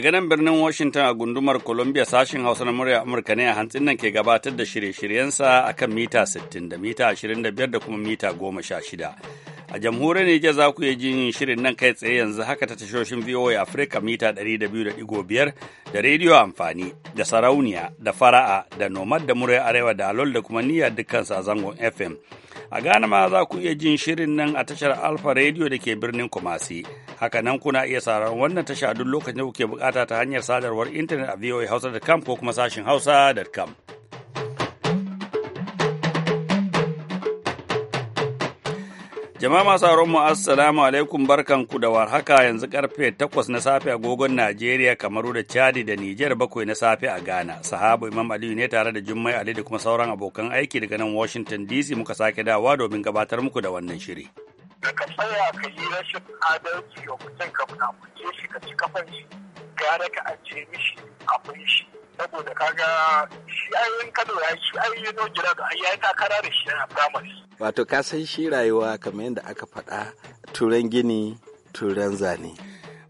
Daga nan birnin Washington a gundumar Columbia sashen Hausa na murya Amurka ne a hantsin nan ke gabatar da shirye-shiryensa a kan mita 60 da mita 25 da kuma mita 16. A jamhuriyar Nijar za ku iya jin shirin nan kai tsaye yanzu haka ta tashoshin VOA Africa mita 200.5 da rediyo amfani da sarauniya da fara'a da nomad da murya arewa da alol da kuma niyyar dukkansu a zangon FM. A Ghana ma za ku iya jin shirin nan a tashar Alfa Radio da ke birnin Kumasi. Hakanan kuna iya sauraron wannan tasha duk lokacin da kuke bukata ta hanyar sadarwar intanet a voahausa.com ko kuma sashin hausa.com. Jama'a masu mu assalamu alaikum barkanku da warhaka yanzu karfe 8 na safe a gogon Najeriya, Kamaru da Chadi da Niger bakwai na safe a Ghana. Sahabu Imam Aliyu ne tare da Jummai Ali da kuma sauran abokan aiki daga nan Washington DC muka sake dawa domin gabatar muku da wannan shiri. da ka tsaya ka yi rashin adalci wa mutum ka munafurce shi ka ci kafan shi gara ka ajiye mishi abin shi saboda kaga shi ayoyin kano ya shi ayoyin nojira da ya ta takara da shi a firamare. wato ka san shi rayuwa kamar yadda aka faɗa turan gini turan zane.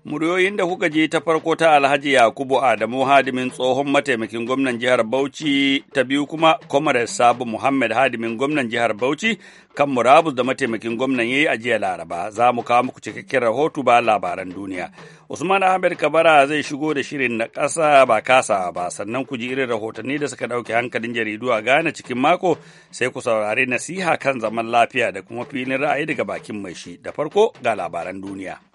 Muryoyin da kuka je ta farko ta Alhaji Yakubu Adamu Hadimin tsohon mataimakin gwamnan jihar Bauchi ta biyu kuma Comrade Sabu Muhammad Hadimin gwamnan jihar Bauchi kan murabus da mataimakin gwamnan yayi a jiya Laraba. Za mu kawo muku cikakken rahoto ba labaran duniya. Usman Ahmed Kabara zai shigo da shirin na ƙasa ba kasa ba sannan ku ji irin rahotanni da suka ɗauke hankalin jaridu a gane cikin mako sai ku saurari nasiha kan zaman lafiya da kuma filin ra'ayi daga bakin mai shi. Da farko ga labaran duniya.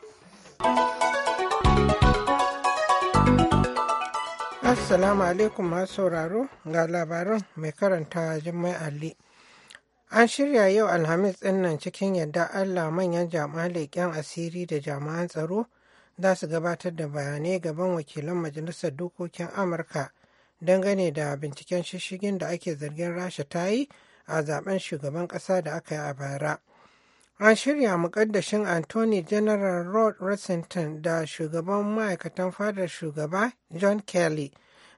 Assalamu alaikum masu sauraro ga labarin mai karanta Jummai Ali. An shirya yau Alhamis ɗin nan cikin yadda Allah manyan jami'an leƙen asiri da jama'an tsaro za su gabatar da bayanai gaban wakilan Majalisar Dokokin Amurka dangane da binciken shishigin da ake zargin Rasha ta yi a zaben shugaban ƙasa da aka yi a bara. An shirya mukaddashin Anthony General Rod Rosenthal da shugaban ma'aikatan fadar shugaba John Kelly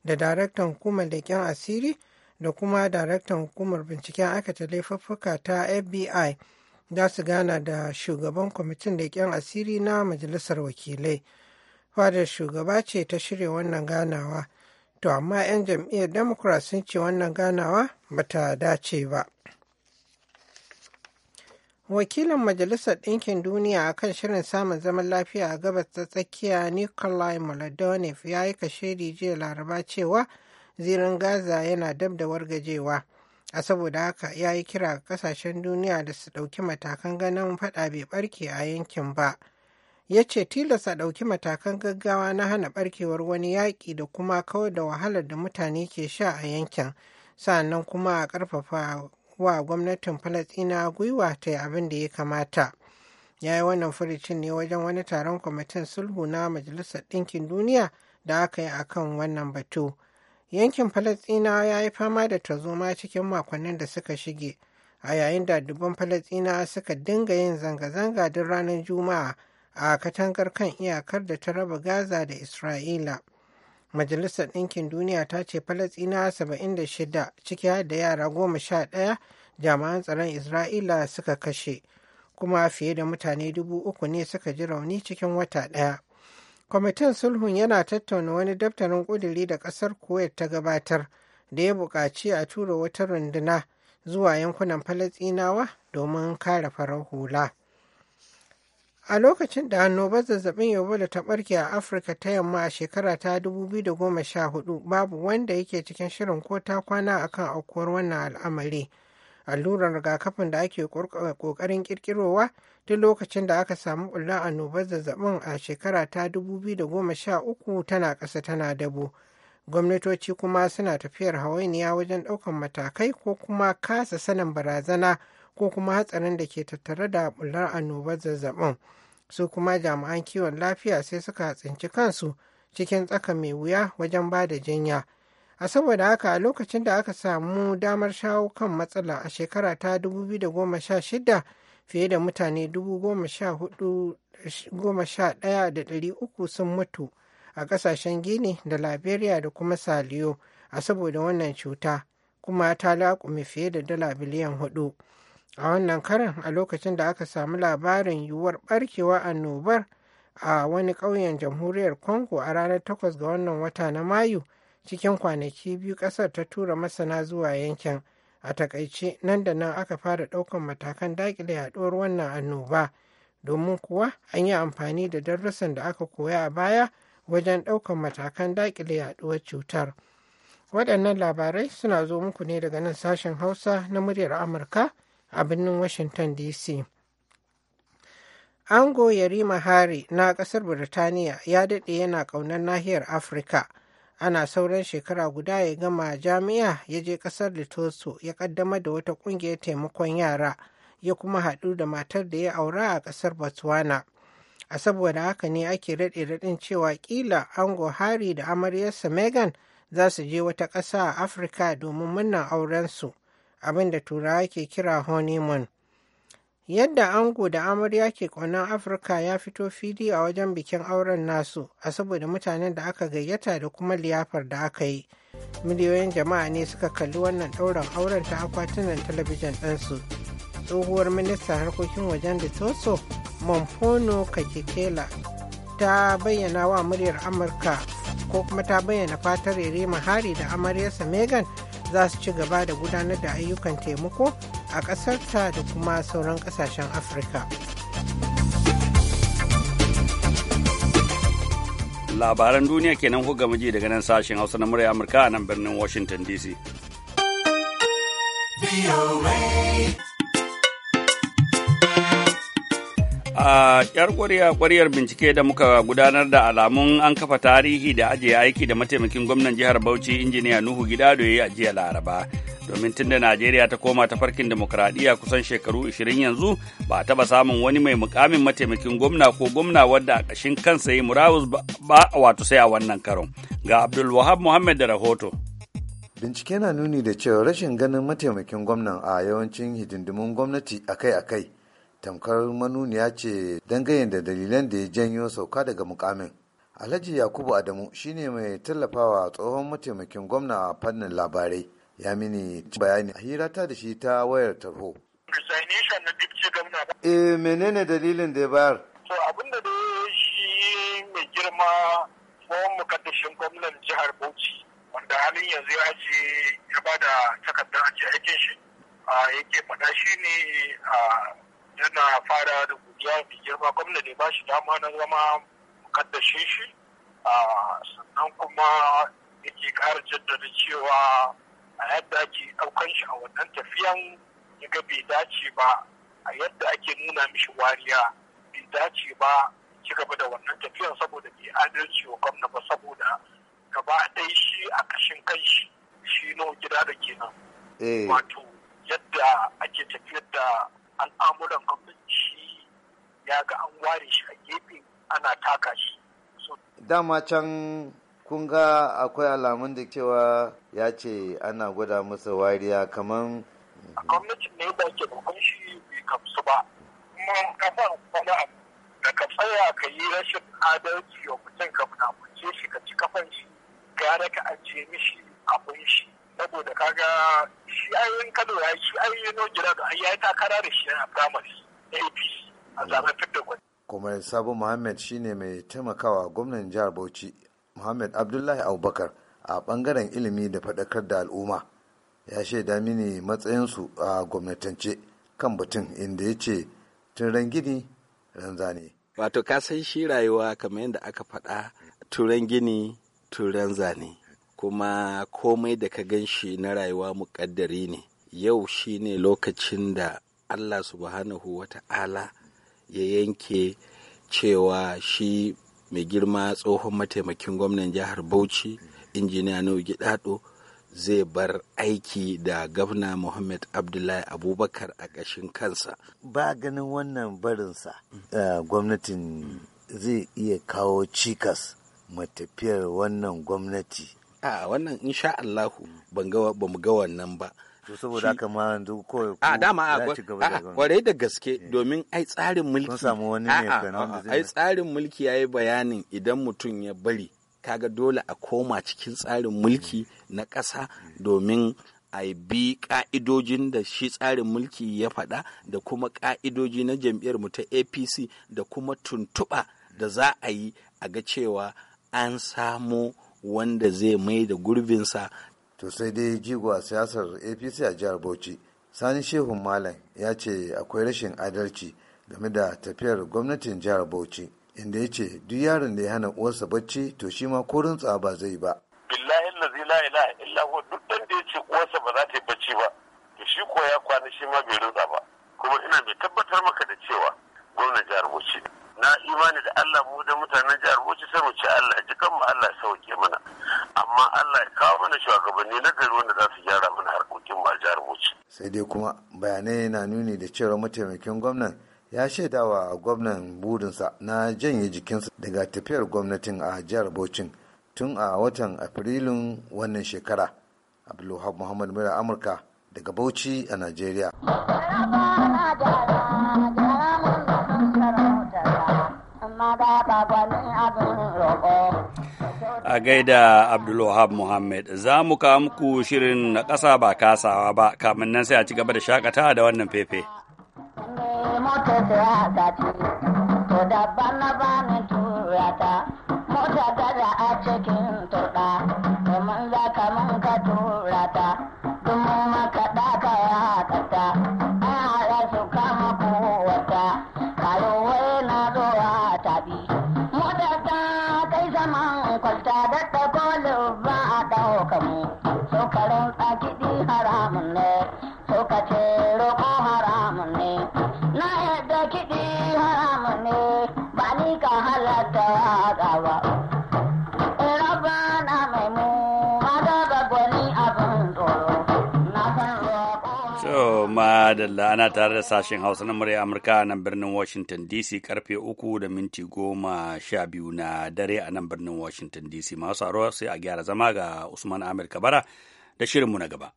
da daraktan hukumar leƙen asiri da kuma daraktan hukumar binciken aikata laifuffuka ta FBI za su gana da shugaban kwamitin leƙen asiri na majalisar wakilai. Fadar shugaba ce ta shirya wannan ganawa, to amma 'yan jam'iyyar Democrat sun ce wannan ganawa ba ta dace ba. wakilin majalisar ɗinkin duniya a kan shirin samun zaman lafiya a gabas ta tsakiya nikolai maladonif ya yi kashedi jiya laraba cewa zirin gaza yana dab da wargajewa a saboda haka ya yi kira ga kasashen duniya da su ɗauki matakan ganin faɗa bai ɓarke a yankin ba ya ce tilasta ɗauki matakan gaggawa na hana ɓarkewar wani yaƙi da kuma kawar da wahalar da mutane ke sha a yankin sannan kuma a ƙarfafa wa gwamnatin Falasina gwiwa ta yi abin da ya kamata. Ya yi wannan furicin ne wajen wani taron kwamitin sulhu na Majalisar Ɗinkin Duniya da aka yi akan wannan batu. Yankin Falasina ya yi fama da tarzoma cikin makonnin da suka shige, a yayin da dubban Falasina suka dinga yin zanga-zanga duk ranar Juma'a a katangar kan iyakar da ta raba Gaza da Isra'ila. majalisar ɗinkin duniya ta ce falasina 76 ciki da yara goma sha ɗaya jami'an tsaron isra'ila suka kashe kuma fiye da mutane dubu uku ne suka ji rauni cikin wata ɗaya kwamitin sulhun yana tattauna wani daftarin ƙudiri da ƙasar kuwait ta gabatar da ya buƙaci a tura wata runduna zuwa yankunan falasinawa domin kare farar hula. A lokacin da annobar zazzabin Ebola ta barke a Afirka ta yamma a shekara ta 2014 babu wanda yake cikin shirin ko ta kwana akan aukuwar wannan al'amari. Allurar rigakafin da ake kokarin kirkirowa duk lokacin da aka samu bulla annobar zazzabin a shekara ta 2013 tana ƙasa tana dabo. Gwamnatoci kuma suna tafiyar hawainiya wajen ɗaukar matakai ko kuma kasa sanin barazana ko kuma hatsarin da ke tattare da bular annobar zazzabin su kuma jami'an kiwon lafiya sai suka tsinci kansu cikin tsaka mai wuya wajen ba da jinya a saboda haka a lokacin da aka samu damar shawo kan matsala a shekara ta 2016 fiye da mutane 11,300 sun mutu a kasashen gini da liberia da kuma saliyo a saboda wannan cuta kuma ta laƙume fiye da dala biliyan hudu a wannan karin a lokacin da aka samu labarin yiwuwar barkewa annobar a wani ƙauyen jamhuriyar congo a ranar 8 ga wannan wata na mayu cikin kwanaki biyu ƙasar ta tura masana zuwa yankin a takaice nan da nan aka fara ɗaukan matakan daƙile yaɗuwar wannan annoba domin kuwa an yi amfani da darussan da aka koya a baya wajen ɗaukan matakan daƙile yaɗuwar cutar waɗannan labarai suna zo muku ne daga nan sashen hausa na muryar amurka a birnin washington dc ango yarima hari na kasar birtaniya ya daɗe yana ƙaunar nahiyar afirka ana sauran shekara guda ya gama jami'a ya je kasar litoso ya ƙaddamar da wata ƙungiyar taimakon yara ya kuma haɗu da matar da ya aura a ƙasar botswana a saboda haka ne ake raɗe raɗin cewa ƙila ango hari da amaryarsa megan za su je wata ƙasa a afirka domin murnar aurensu abin da turawa ke kira honeymoon yadda ango da amarya ke kwanan afirka ya fito fili a wajen bikin auren nasu a saboda mutanen da aka gayyata da kuma liyafar da aka yi miliyoyin jama'a ne suka kalli wannan ɗaurin auren ta akwatunan talabijin ɗansu. tsohuwar Minista harkokin wajen da toso mompono kakekela ta bayyana wa muryar amurka ko kuma ta bayyana fatar rima hari da amaryarsa megan za su ci gaba da gudanar da ayyukan taimako a ƙasarta da kuma sauran ƙasashen afirka labaran duniya kenan ku gama ji daga nan sashen hausa na murya amurka a nan birnin washington dc a yar ƙwarya bincike da muka gudanar da alamun an kafa tarihi da ajiye aiki da mataimakin gwamnan jihar Bauchi injiniya Nuhu Gidado ya yi ajiya Laraba. Domin tun da Najeriya ta koma ta farkin demokuraɗiyya kusan shekaru 20 yanzu ba taɓa samun wani mai mukamin mataimakin gwamna ko gwamna wadda a ƙashin kansa yi murawus ba wato sai a wannan karon. Ga Abdul Wahab Muhammad da rahoto. Bincike na nuni da cewa rashin ganin mataimakin gwamnan a yawancin hidindimun gwamnati akai-akai tamkar manuniya ce dangane da dalilan da ya janyo sauka daga mukamin. Alhaji Yakubu Adamu shine mai tallafawa tsohon mataimakin gwamna a fannin labarai. Ya mini bayani a hirata da shi ta wayar tarho. Resignation na dipci gwamna. Eh menene dalilin da ya bayar? To abin da shi mai girma tsohon mukaddashin gwamnan jihar Bauchi wanda halin yanzu ya ce ya bada takardar ajiye aikin shi. yake faɗa shi ne yana fara da godiya da girma gwamna ne ba shi dama na zama mukaddashin shi ah, sannan kuma yake ƙara jaddada cewa a yadda ake ɗaukan shi a wannan tafiyan ya bai dace ba a yadda ake nuna mishi wariya bai dace ba ci gaba da wannan tafiyan saboda bai adalci wa gwamna ba saboda gaba ɗaya shi a kashin kan shi no gida da kenan eh. wato yadda ake tafiyar da al'amuran gwamnati ya ga an ware shi a gefe ana taka shi dama can kun ga akwai alamun da cewa ya ce ana gwada masa wariya kamar a gwamnatin ne ba ke bakon shi bai kamsu ba kuma kafa wani da ka tsaya ka yi rashin adalci wa mutum ka munafurce shi ka ci kafan shi gara ka ajiye mishi abin shi saboda kaga shi ayoyin kano ya shi ayoyin jira da ya yi takara da shi a primary apc a zaben fidda gwani. kuma sabu muhammad shine mai taimakawa gwamnan jihar bauchi muhammad abdullahi abubakar a bangaren ilimi da faɗakar da al'umma ya shaida mini matsayinsu a gwamnatance kan batun inda ya ce tun rangini zane." wato kasan shi rayuwa kamar yadda aka faɗa turan gini turan zane kuma komai da ka gan shi na rayuwa muƙaddari ne yau shi ne lokacin da allah subhanahu wata'ala ya yanke cewa shi mai girma tsohon mataimakin gwamnan jihar bauchi injiniya na gidado zai bar aiki da gabna Muhammad Abdullahi Abubakar a ƙashin kansa. Ba ganin wannan barinsa uh, gwamnatin zai iya kawo cikas matafiyar wannan gwamnati a wannan insha Allahu ban ga ba mu ga wannan ba to saboda haka ma yanzu ko a dama a kwarai da gaske eh. domin ai tsarin mulki sun samu wani ne ai tsarin mulki yayi bayanin idan mutum ya bari kaga dole a koma cikin tsarin mm. mulki na ƙasa mm. domin a bi ka'idojin da shi tsarin mulki ya faɗa da kuma ka'idoji na jam'iyyar mu ta apc da kuma tuntuɓa da za a yi a ga cewa an samo wanda zai mai da gurbinsa. To sai dai jigo a siyasar APC a jihar Bauchi, Sani Shehu Malam ya ce akwai rashin adalci game da tafiyar gwamnatin jihar Bauchi, inda ya ce duk yaron da ya hana uwarsa bacci to shi ma ko ba zai ba. Billahi lazi la ilaha illa huwa duk dan da ya ce uwarsa ba za ta yi bacci ba, to shi ko ya kwana shi ma bai rintsa ba. Kuma ina mai tabbatar maka da cewa gwamnan jihar Bauchi na imani da Allah mu da mutanen jihar Bauchi sai mu ce Allah ji kanmu Allah sauke mana amma Allah ya kawo mana shugabanni na gari wanda za su gyara mana harkokin ma jihar Bauchi sai dai kuma bayanai na nuni da cewa mataimakin gwamnan ya shaidawa gwamnan burinsa na janye jikinsa daga tafiyar gwamnatin a jihar Bauchi tun a watan Afrilun wannan shekara Abdulwahab Muhammad Mura Amurka daga Bauchi a Najeriya. A gaida Abdulwahab Muhammad, za mu kawo muku shirin na ƙasa ba kasawa ba, kamun nan sai a ci gaba da shakata da wannan fefe. Mota da a cikin Madalla ana tare da sashen Hausa na murya Amurka a nan birnin Washington DC karfe uku da minti goma sha biyu na dare a nan birnin Washington DC. Masu aro sai a gyara zama ga Usman Amir Kabara da shirinmu na gaba.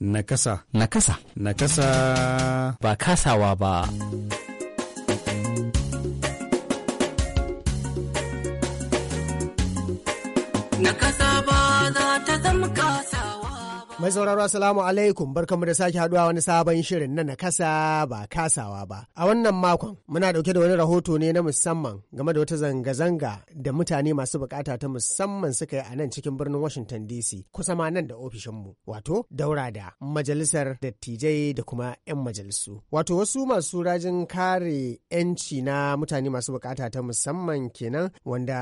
Nakasa. Nakasa. Nakasa. Ba kasawa ba. Nakasa ba za ta zama kasa. Mai sauraro Assalamu alaikum barkamu da sake haduwa wani sabon shirin na nakasa ba kasawa ba. A wannan makon muna dauke da wani rahoto ne na musamman game da wata zanga-zanga da mutane masu bukata ta musamman suka yi a nan cikin birnin Washington DC kusa ma nan da ofishinmu wato daura da majalisar dattijai da kuma 'yan majalisu. Wato wasu masu rajin kare 'yanci na mutane masu bukata ta musamman kenan wanda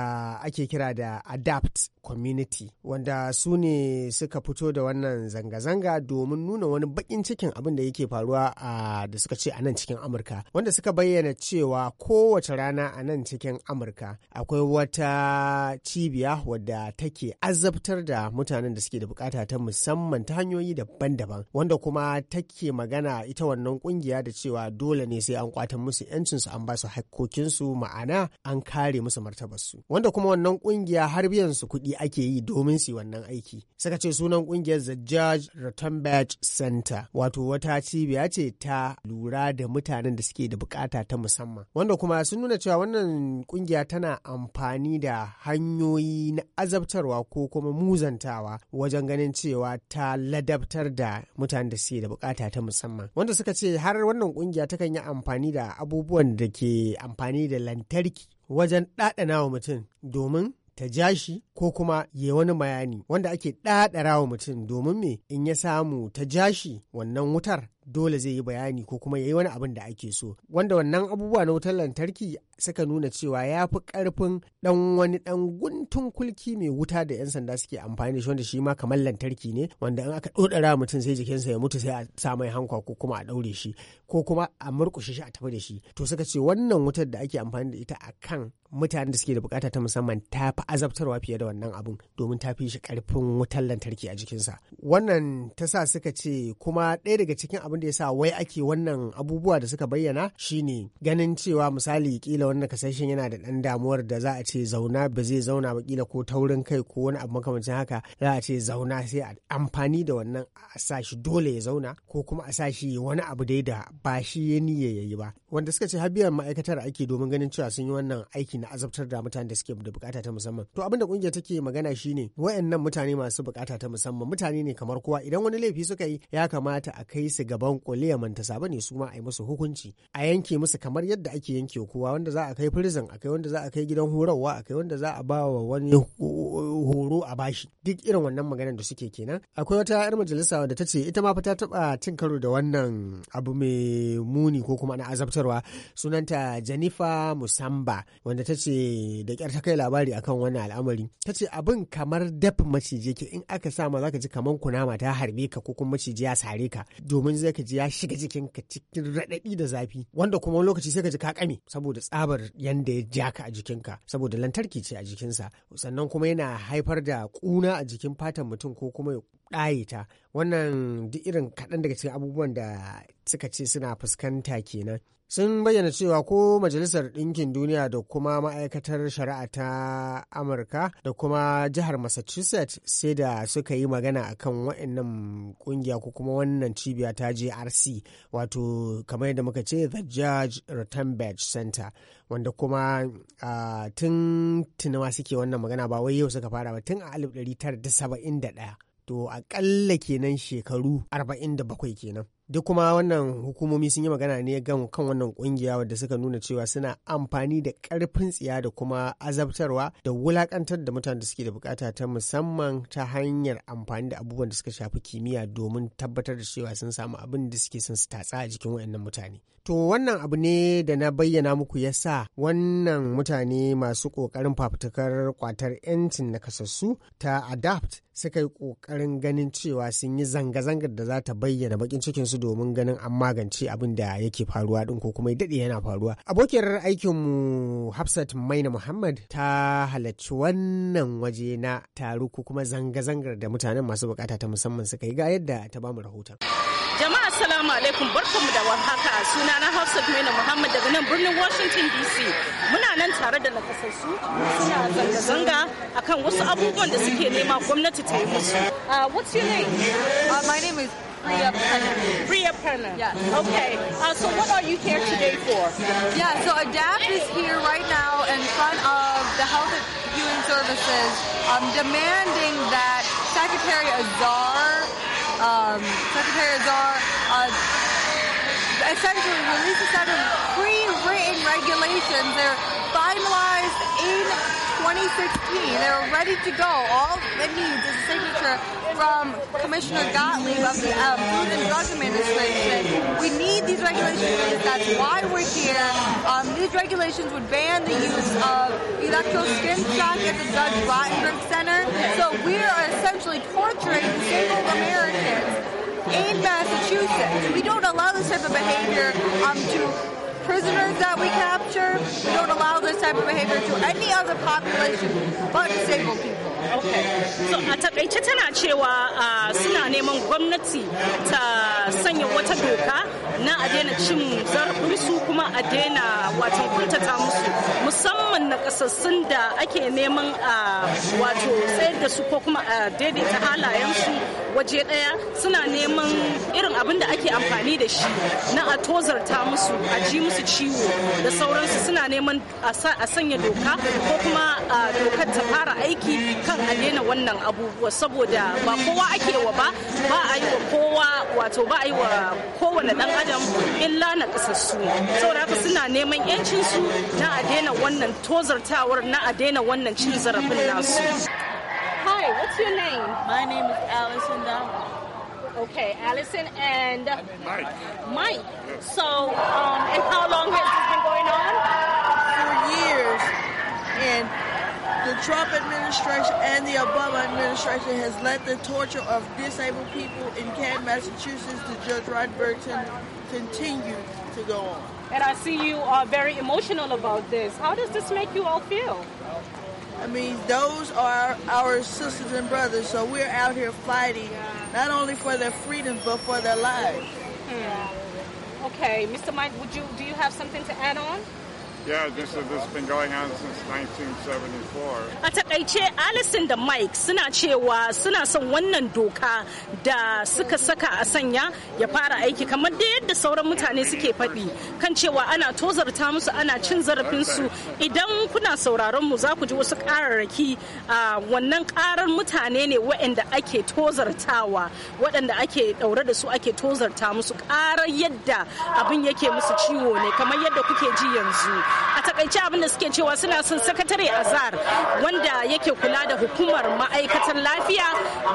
ake kira da adapt community wanda su ne suka fito da wannan zanga-zanga domin nuna wani bakin cikin abin da yake faruwa a da suka ce a nan cikin amurka wanda suka bayyana cewa kowace rana a nan cikin amurka akwai wata cibiya wadda take azabtar da mutanen da suke da bukata ta musamman ta hanyoyi daban-daban wanda kuma take magana ita wannan kungiya da cewa dole ne sai an kwatan musu su an ba su hakkokinsu ma'ana an kare musu martabarsu wanda kuma wannan kungiya har biyan su kuɗi ake yi domin su wannan aiki suka ce sunan kungiyar zajja. George Rottenberg Center wato wata cibiya ce ta lura da mutanen da suke da bukata ta musamman wanda kuma sun nuna cewa wannan kungiya tana amfani da hanyoyi na azabtarwa ko kuma muzantawa wajen ganin cewa ta ladabtar da mutanen da suke da bukata ta musamman wanda suka ce har wannan kungiya takan yi amfani da abubuwan da ke amfani da lantarki wajen ɗaɗana wa mutum domin ta ja shi ko kuma ya wani bayani wanda ake wa mutum domin me in ya samu ta ja shi wannan wutar dole zai yi bayani ko kuma ya yi wani abin da ake so wanda wannan abubuwa na wutar lantarki suka nuna cewa ya fi karfin dan wani dan guntun kulki mai wuta da 'yan sanda suke amfani da shi wanda shi ma kamar lantarki ne wanda in aka dodara mutum sai jikinsa ya mutu sai a sa mai hankwa ko kuma a daure shi ko kuma a murkushe shi a tafi da shi to suka ce wannan wutar da ake amfani da ita akan mutanen da suke da bukata ta musamman ta fi azabtarwa fiye da wannan abun domin ta fi shi karfin wutar lantarki a jikinsa wannan ta sa suka ce kuma ɗaya daga cikin abin abin da ya sa wai ake wannan abubuwa da suka bayyana shine ganin cewa misali kila wannan kasashen yana da ɗan damuwar da za a ce zauna ba zai zauna ba kila ko taurin kai ko wani abu makamancin haka za a ce zauna sai a amfani da wannan a sa shi dole ya zauna ko kuma a sa shi wani abu dai da ba shi ya niyya ya yi ba wanda suka ce har biyan ma'aikatar ake domin ganin cewa sun yi wannan aiki na azabtar da mutane da suke da bukata ta musamman to abin da kungiyar take magana shine wayannan mutane masu bukata ta musamman mutane ne kamar kowa idan wani laifi suka yi ya kamata a kai su ga gaban kuliya mantasa ne su ma a yi musu hukunci a yanke musu kamar yadda ake yanke kowa wanda za a kai prison a kai wanda za a kai gidan horarwa a kai wanda za a ba wa wani horo a bashi duk irin wannan maganar da suke kenan akwai wata yar majalisa da ta ce ita ma fa ta taba cin karo da wannan abu mai muni ko kuma na azabtarwa sunanta Janifa Musamba wanda ta ce da kyar ta kai labari akan wannan al'amari ta ce abin kamar daf maciji ke in aka sa ma za ka ji kamar kunama ta harbe ka ko kuma maciji ya sare ka domin zai sai ka ji ya shiga jikinka cikin raɗaɗi da zafi wanda kuma wani lokaci sai ka ji ka kame saboda tsabar yanda ya ja ka a jikinka saboda lantarki ce a jikinsa sannan kuma yana haifar da kuna a jikin fatan mutum ko kuma ya ɗaye ta wannan duk irin kaɗan daga cikin abubuwan da suka ce suna fuskanta kenan sun bayyana cewa ko majalisar ɗinkin duniya da kuma ma'aikatar shari'a ta amurka da kuma jihar massachusetts sai da suka yi magana a kan wa'annan ƙungiya ko kuma wannan cibiya ta jrc wato kamar yadda muka ce the judge rottenberg center wanda kuma tun tunawa suke wannan magana ba wai yau suka fara ba tun a 1971 to aƙalla kenan shekaru 47 kenan duk kuma wannan hukumomi sun yi magana ne gan kan wannan kungiya wadda suka nuna cewa suna amfani da karfin tsiya da kuma azabtarwa da wulakantar da mutanen da suke da bukata ta musamman ta hanyar amfani da abubuwan da suka shafi kimiyya domin tabbatar da cewa sun samu abin da suke son su tatsa a jikin wayannan mutane to wannan abu ne da na bayyana muku yasa wannan mutane masu kokarin fafutukar kwatar 'yancin nakasassu ta adapt suka yi kokarin ganin cewa sun yi zanga-zangar da za ta bayyana bakin cikinsu domin ganin an magance abin da yake faruwa din ko kuma ya daɗe yana faruwa abokiyar aikinmu hafsat maina muhammad ta halarci wannan waje na taro ko kuma zanga-zangar da mutanen masu bukata ta musamman suka yi ga yadda ta bamu rahoton jama'a assalamu alaikum mu da warhaka na hafsat maina muhammad daga nan birnin washington dc muna nan tare da nakasassu suna zanga-zanga akan wasu abubuwan da suke nema gwamnati ta yi musu uh, what's your name uh, my name is Priya Penner. Priya Penner. Yes. Okay. Uh, so what are you here today for? Yeah, so ADAPT is here right now in front of the Health and Human Services um, demanding that Secretary Azar, um, Secretary Azar, uh, essentially release a set of pre-written regulations. They're finalized in 2016. They're ready to go. All it needs is a signature from Commissioner Gottlieb of the um, Food and Drug Administration. We need these regulations. That's why we're here. Um, these regulations would ban the use of electro skin shock at the Judge Rottenberg Center. So we are essentially torturing single Americans in Massachusetts. We don't allow this type of behavior um, to prisoners that we capture. We don't allow this type of behavior to any other population but disabled people. So a takaice tana cewa uh, suna neman gwamnati ta sanya wata doka na a daina cin su kuma a daina wato kuntata musu musamman na kasassun da ake neman a uh, wato tsayar da su ko kuma a uh, daidaita halayensu waje daya suna neman irin abin da ake amfani da shi na a tozarta musu a ji musu ciwo da sauransu suna neman a sanya doka ko kuma dokar ta fara aiki kan a daina wannan abubuwa saboda ba kowa ake wa ba ba a yi wa kowa wato ba a yi wa kowane dan adam illa na kasassu saboda haka suna neman yancin su na a daina wannan tozartawar na a daina wannan cin zarafin nasu Hi, what's your name? My name is Allison Okay, Allison and Mike. Mike. So, um, and how long has this been The Trump administration and the Obama administration has led the torture of disabled people in Canton, Massachusetts to Judge Rod Burton continue to go on. And I see you are very emotional about this. How does this make you all feel? I mean, those are our sisters and brothers, so we're out here fighting not only for their freedoms but for their lives. Hmm. Okay, Mr. Mike, would you do you have something to add on? A takaice Alison da Mike suna cewa suna son wannan doka da suka saka a sanya ya fara aiki kamar da yadda sauran mutane suke faɗi kan cewa ana tozarta musu ana cin zarafinsu idan kuna sauraron mu za ku ji wasu ƙararraki a wannan ƙarar mutane ne waɗanda ake tozartawa waɗanda ake ɗaure da su ake tozarta musu ƙarar yadda abin yake musu ciwo ne kamar yadda kuke ji yanzu. a takaice abin da suke cewa suna son sakatare azar wanda yake kula da hukumar ma'aikatan lafiya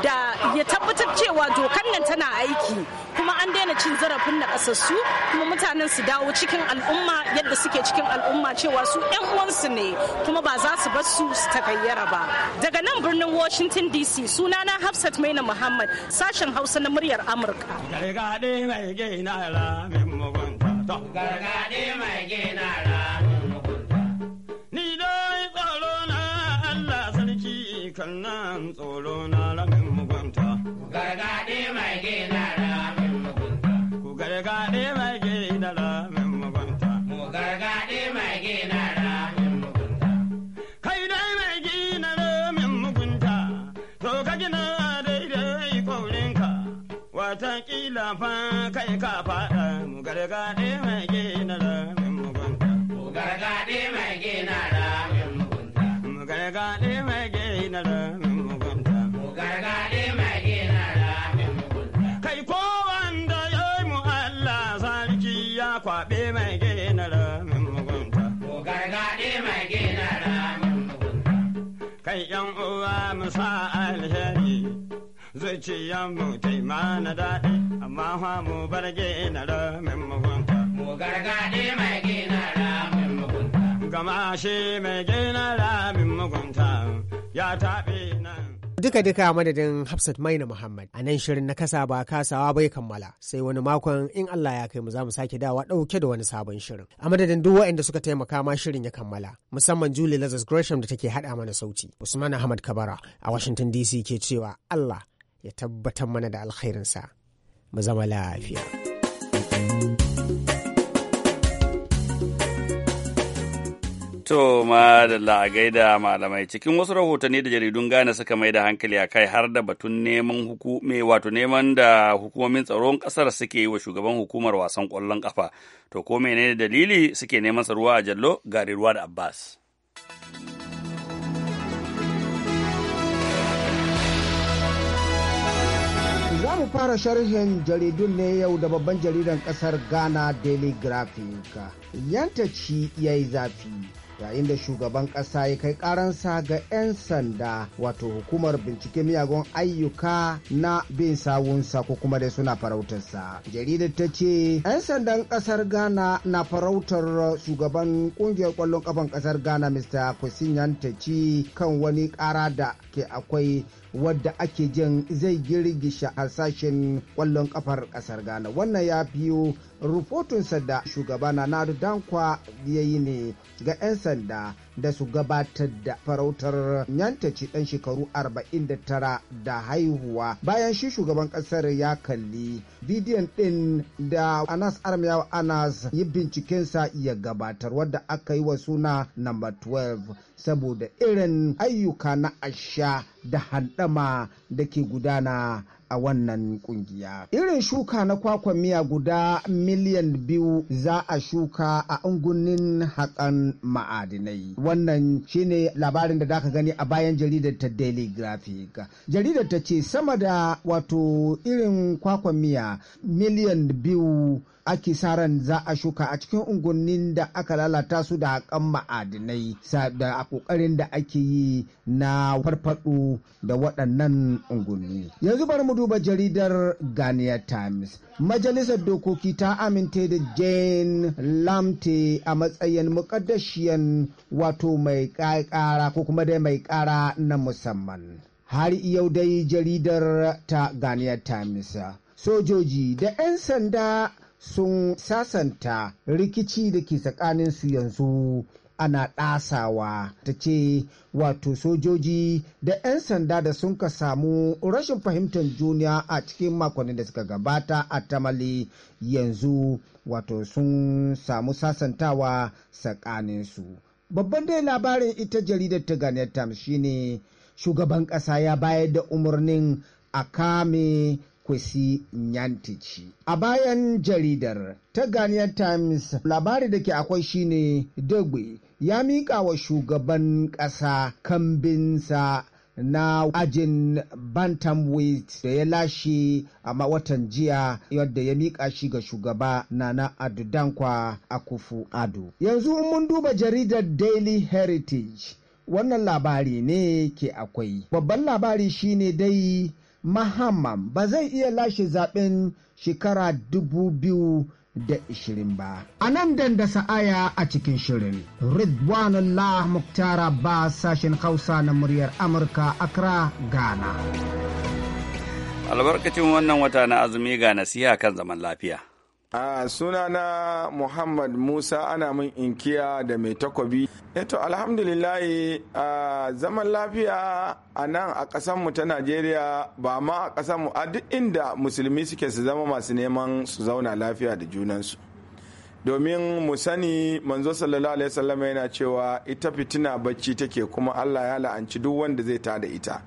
da ya tabbatar cewa dokan nan tana aiki kuma an daina cin zarafin na kasassu kuma mutanen su dawo cikin al'umma yadda suke cikin al'umma cewa su 'yan uwansu ne kuma ba za su bar su su takayyara ba daga nan birnin washington dc sunana hafsat maina muhammad sashen hausa na muryar amurka gargaɗe mai gina mai mugunta gargaɗe mai gina ka faɗa mu gargaɗe mai gina zuciyanmu ta yi mana daɗi amma mu bar gina ramin mugunta. Mu gargaɗi mai gina ramin mugunta. Gama mai gina ramin mugunta ya taɓe nan. Duka-duka madadin Hafsat Maina Muhammad a nan shirin na kasa ba kasawa bai kammala sai wani makon in Allah ya kai mu za mu sake dawa ɗauke da wani sabon shirin. A madadin duk waɗanda suka taimaka ma shirin ya kammala musamman Julie Lazarus Gresham da take hada mana sauti. Usman Ahmad Kabara a Washington DC ke cewa Allah ya tabbatar mana da alkhairinsa mu zama lafiya To ma da la'agai malamai cikin wasu rahotanni da jaridun Ghana suka mai da hankali a kai har da batun neman hukume wato neman da hukumomin tsaron kasar suke yi wa shugaban hukumar wasan kwallon kafa. To ko menene dalili suke neman sa ruwa a jallo gari ruwa da Abbas. mu fara sharhin jaridun ne yau da babban jaridan kasar Ghana Daily Graphic. ci, ya yi zafi. yayin da shugaban ƙasa ya kai karansa ga 'yan sanda wato hukumar bincike miyagun ayyuka na bin sawunsa ko kuma dai suna farautarsa jaridar ta ce 'yan sandan ƙasar ghana na farautar shugaban ƙungiyar ƙwallon ƙafan ƙasar ghana mr kusinyan ta ci kan wani ƙara da ke akwai wadda ake jin zai girgisha harsashen kwallon kafar kasar ghana wannan ya biyo rufotunsa da shugabana na dankwa ya yi ne ga 'yan sanda da su gabatar da farautar nyantaci dan shekaru 49 da haihuwa bayan shi shugaban kasar ya kalli bidiyon din da anas armiyawa anas yi bincikensa ya gabatar wadda aka yi wa suna number 12 saboda irin ayyuka na asha da handama da ke gudana a wannan kungiya. Irin shuka na kwakwan miya guda miliyan biyu za a shuka a ungunin haƙan ma'adinai. Wannan shine labarin da daka gani a bayan jaridar ta Daily Graphic. Jaridar ta ce sama da wato irin kwakwan miya miliyan biyu ake sa ran za a shuka a cikin unguwannin da aka lalata su da haƙan ma'adinai da a ƙoƙarin da ake yi na farfaɗo da waɗannan ungunni. Yanzu bari mu duba jaridar Ghanaian Times. Majalisar Dokoki ta aminta da Jane Lamte a matsayin muƙaddashiyan wato mai ƙara ko kuma dai mai ƙara na musamman. Har yau dai jaridar ta Ghanaian Times. Sojoji da 'yan sanda sun sasanta rikici da ke tsakaninsu yanzu ana ɗasawa ta ce wato sojoji da 'yan sanda da sun ka samu rashin fahimtar juniya a cikin makonni da suka gabata a tamali yanzu wato sun samu sasantawa tsakaninsu babban dai labarin ita jaridar ta Ghanaian Times shine shugaban ƙasa ya bayar da umarnin a kame kwesi nyantici a bayan jaridar ta ghanaian times labari da ke akwai shine dagwe ya miƙa wa shugaban ƙasa kambinsa na ajin bantamweight da ya lashe a watan jiya yadda ya miƙa shi ga shugaba na nana adudankwa kufu ado yanzu mun duba jaridar daily heritage wannan labari ne ke akwai babban labari shine dai Mahamman ba zai iya lashe zaben shekara dubu biyu da 2020 ba. A nan dandasa aya a cikin shirin. Ridwanullah muktara ba sashen Hausa na muryar Amurka Accra, Ghana. Albarkacin wannan wata na azumi ga nasiha kan zaman lafiya. a sunana muhammad musa ana min inkiya da mai takobi eto eh alhamdulillahi a zaman lafiya a nan a ƙasanmu ta najeriya ba ma a ƙasanmu a duk inda musulmi suke su zama masu neman su zauna lafiya da junansu domin mu sani manzo sallallahu alaihi wasallam yana cewa ita fitina bacci take kuma allah ya la'anci duk wanda zai tada ita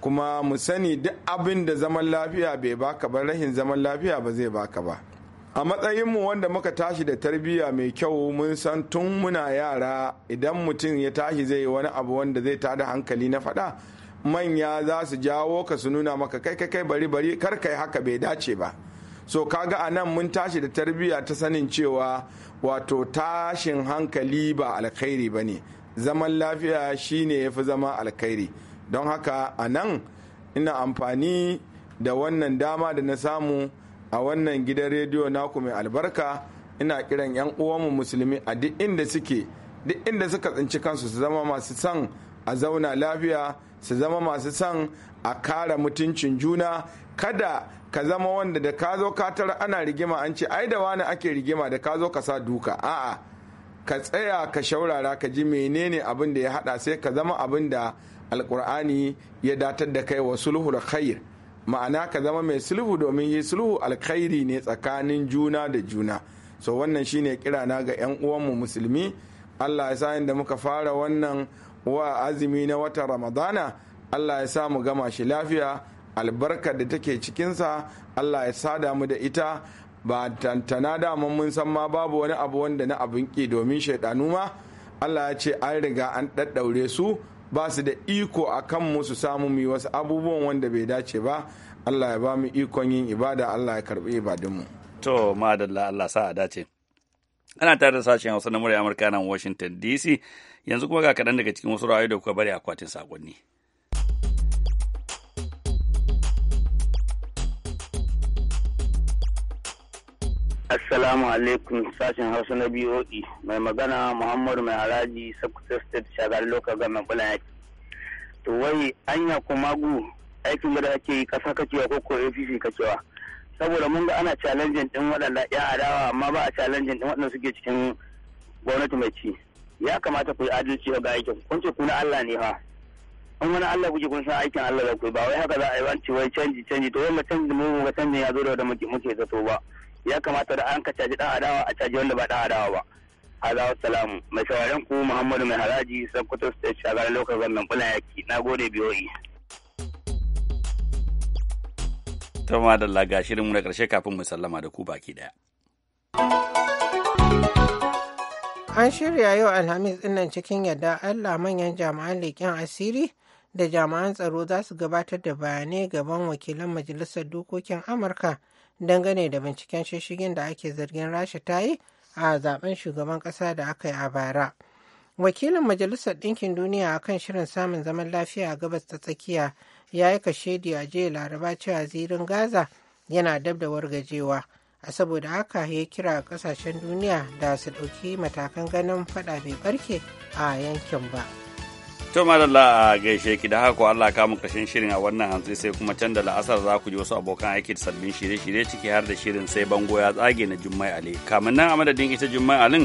kuma mu sani duk abin da zaman lafiya bai baka ba rahin zaman lafiya ba zai baka ba a matsayinmu wanda muka tashi da tarbiyya mai kyau mun san tun muna yara idan mutum ya tashi zai wani abu wanda zai tada hankali na faɗa manya za su jawo ka su nuna maka kai kai kai bari bari kar kai haka bai dace ba so kaga a nan mun tashi da tarbiyya ta sanin cewa wato tashin hankali ba alkhairi ba ne zaman lafiya shine ya fi zama alkhairi don haka a nan ina amfani da wannan dama da na samu a wannan gidan rediyo naku mai albarka ina kiran 'yan uwanmu musulmi a duk inda suke duk inda suka tsinci kansu su zama masu son a zauna lafiya su zama masu son a kara mutuncin juna kada ka zama wanda da ka zo ka ana rigima an ce ai da wani ake rigima da ka zo ka sa duka a'a ka tsaya ka shaurara ka ji menene abin da ya hada sai ka zama abin da alkur'ani ya datar da kai wa sulhul khair ma'ana ka zama mai sulhu domin yi sulhu alkhairi ne tsakanin juna da juna so wannan shine kirana ga 'yan uwanmu musulmi allah ya sa da muka fara wannan wa azumi na watan ramadana allah ya sa mu gama shi lafiya albarka da take cikinsa allah ya sada mu da ita ba tantana dama mun san ma babu wani abu wanda na abin ki domin shaidanu ma allah ya ce an riga an ɗaɗɗaure su ba su da iko a kan musu samu mu yi wasu abubuwan wanda bai dace ba allah ya ba mu ikon yin ibada allah ya karbi ibadunmu to madalla allah sa a dace ana tare da sashen hausa na murya amurka nan washington dc yanzu kuma ga kaɗan daga cikin wasu ra'ayoyi da kuka bari akwatin saƙonni. Assalamu alaikum sashen Hausa na BOE mai magana muhammad mai haraji sakuta State Shagari local government Bulan yaki. To wai anya kuma gu aikin da ake yi kasa kacewa ko ko APC kacewa. Saboda mun ga ana challenging din waɗanda ya adawa amma ba a challenging din waɗanda suke cikin gwamnati mai ci. Ya kamata ku yi adalci ga aikin kun ce ku na Allah ne ha. an wani Allah kuke kun san aikin Allah da kai ba wai haka za a yi ba ce wai canji canji to wai canji da mu ga canjin ya zo da wanda muke muke zato ba ya kamata da an ka caji dan adawa a caji wanda ba dan adawa ba Allah salamu mai sauraron ku Muhammadu mai haraji Sokoto state shagar lokacin wannan bulan yaki nagode biyoyi e. ta madalla ga mu na karshe kafin mu sallama da ku baki daya an shirya yau alhamis dinnan cikin yadda allah manyan jami'an leƙen asiri da jami'an tsaro za su gabatar da bayanai gaban wakilan majalisar dokokin amurka dangane da binciken shishigin da ake zargin rasha ta yi a zaben shugaban kasa da aka yi a bara wakilin majalisar ɗinkin duniya a kan shirin samun zaman lafiya a gabas ta tsakiya ya yi kashedi a jiya laraba cewa zirin gaza yana dab da wargajewa a saboda haka ya kira kasashen duniya da su ɗauki matakan ganin faɗa bai barke a yankin ba. To madalla a gaishe ki da haka Allah ka mu kashin shirin a wannan hantsi sai kuma can da la'asar za ku ji wasu abokan aiki da sabbin shirye-shirye ciki har da shirin sai bango ya tsage na Jummai Ali. Kamin nan a madadin ita Jummai Alin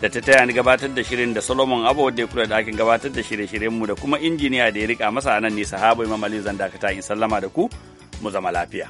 da ta taya ni gabatar da shirin da Solomon Abo da kula da aikin gabatar da shirye-shiryen mu da kuma injiniya da ya rika masa anan ne sahabo Imam Ali zan dakata in sallama da ku mu zama lafiya.